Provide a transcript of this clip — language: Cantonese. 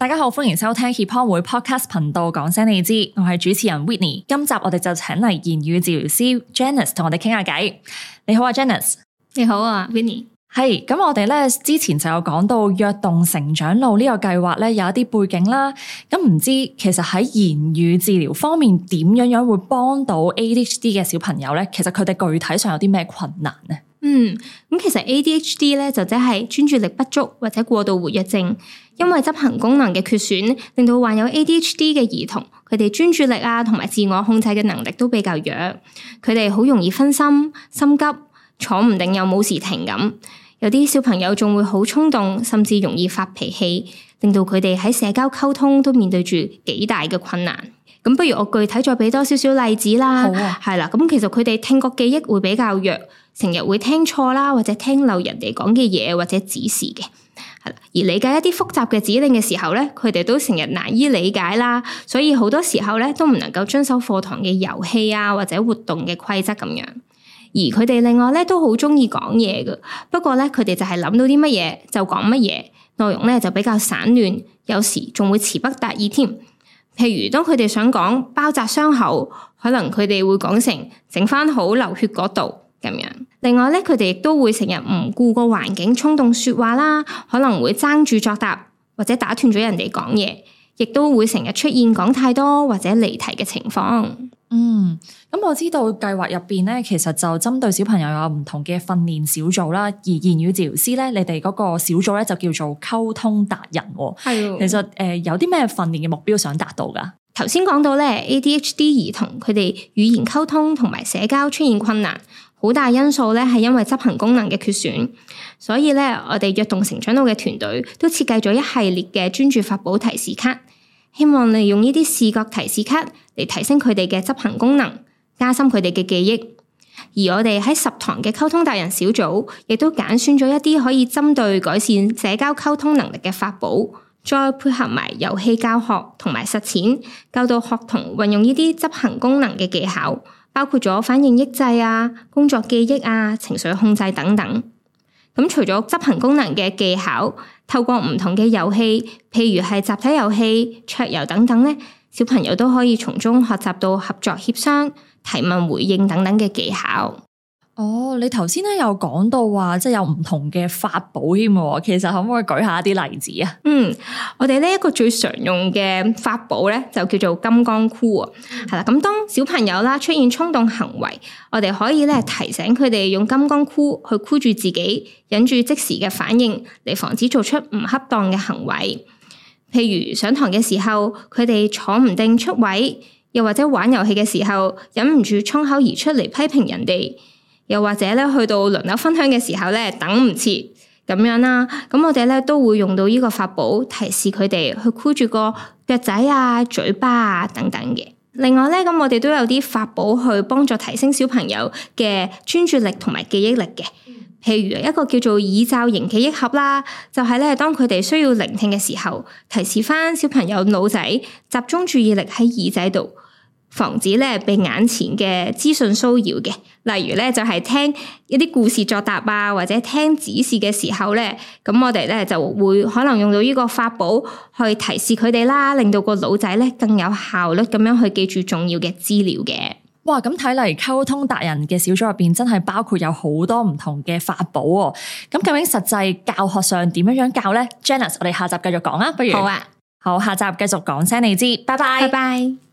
大家好，歡迎收聽協康會 podcast 頻道，講聲你知，我係主持人 Whitney。今集我哋就請嚟言語治療師 Janice 同我哋傾下偈。你好啊，Janice。Jan 你好啊，Whitney。係，咁我哋咧之前就有講到躍動成長路呢，這個計劃咧有一啲背景啦。咁唔知其實喺言語治療方面點樣樣會幫到 ADHD 嘅小朋友咧？其實佢哋具體上有啲咩困難呢？嗯，咁其實 A D H D 咧就即係專注力不足或者過度活躍症，因為執行功能嘅缺損，令到患有 A D H D 嘅兒童，佢哋專注力啊同埋自我控制嘅能力都比較弱，佢哋好容易分心、心急、坐唔定又冇時停咁。有啲小朋友仲會好衝動，甚至容易發脾氣，令到佢哋喺社交溝通都面對住幾大嘅困難。咁不如我具體再俾多少少例子啦，係啦、啊。咁其實佢哋聽覺記憶會比較弱，成日會聽錯啦，或者聽漏人哋講嘅嘢或者指示嘅，係啦。而理解一啲複雜嘅指令嘅時候咧，佢哋都成日難以理解啦。所以好多時候咧都唔能夠遵守課堂嘅遊戲啊或者活動嘅規則咁樣。而佢哋另外咧都好中意講嘢嘅，不過咧佢哋就係諗到啲乜嘢就講乜嘢，內容咧就比較散亂，有時仲會詞不達意添。譬如當佢哋想講包紮傷口，可能佢哋會講成整翻好流血嗰度咁樣。另外咧，佢哋亦都會成日唔顧個環境衝動說話啦，可能會爭住作答或者打斷咗人哋講嘢，亦都會成日出現講太多或者離題嘅情況。嗯，咁、嗯、我知道計劃入邊咧，其實就針對小朋友有唔同嘅訓練小組啦。而言語治療師咧，你哋嗰個小組咧就叫做溝通達人。係的，其實誒有啲咩訓練嘅目標想達到噶？頭先講到咧，ADHD 兒童佢哋語言溝通同埋社交出現困難，好大因素咧係因為執行功能嘅缺損。所以咧，我哋躍動成長路嘅團隊都設計咗一系列嘅專注法寶提示卡，希望利用呢啲視覺提示卡，提升佢哋嘅執行功能，加深佢哋嘅記憶。而我哋喺十堂嘅溝通達人小組，亦都揀選咗一啲可以針對改善社交溝通能力嘅法寶，再配合埋遊戲教學同埋實踐，教導學童運用呢啲執行功能嘅技巧，包括咗反應抑制啊、工作記憶啊、情緒控制等等。咁除咗執行功能嘅技巧，透過唔同嘅遊戲，譬如係集體遊戲、桌遊等等咧。小朋友都可以從中學習到合作協商、提問回應等等嘅技巧。哦，你頭先咧有講到話，即係有唔同嘅法寶添。其實可唔可以舉下一啲例子啊？嗯，我哋呢一個最常用嘅法寶呢，就叫做金剛箍。係啦，咁當小朋友啦出現衝動行為，我哋可以咧提醒佢哋用金剛箍去箍住自己，忍住即時嘅反應，嚟防止做出唔恰當嘅行為。譬如上堂嘅時候，佢哋坐唔定出位，又或者玩遊戲嘅時候，忍唔住衝口而出嚟批評人哋，又或者咧去到輪流分享嘅時候咧等唔切咁樣啦。咁我哋咧都會用到呢個法寶，提示佢哋去箍住個腳仔啊、嘴巴啊等等嘅。另外咧，咁我哋都有啲法寶去幫助提升小朋友嘅專注力同埋記憶力嘅。譬如一個叫做耳罩型記憶盒啦，就係咧當佢哋需要聆聽嘅時候，提示翻小朋友腦仔集中注意力喺耳仔度，防止咧被眼前嘅資訊騷擾嘅。例如咧就係聽一啲故事作答啊，或者聽指示嘅時候咧，咁我哋咧就會可能用到呢個法寶去提示佢哋啦，令到個腦仔咧更有效率咁樣去記住重要嘅資料嘅。哇，咁睇嚟溝通達人嘅小組入邊真係包括有好多唔同嘅法寶喎。咁究竟實際教學上點樣樣教呢 Janice，我哋下集繼續講啊，不如好啊，好下集繼續講聲你知，拜拜拜拜。Bye bye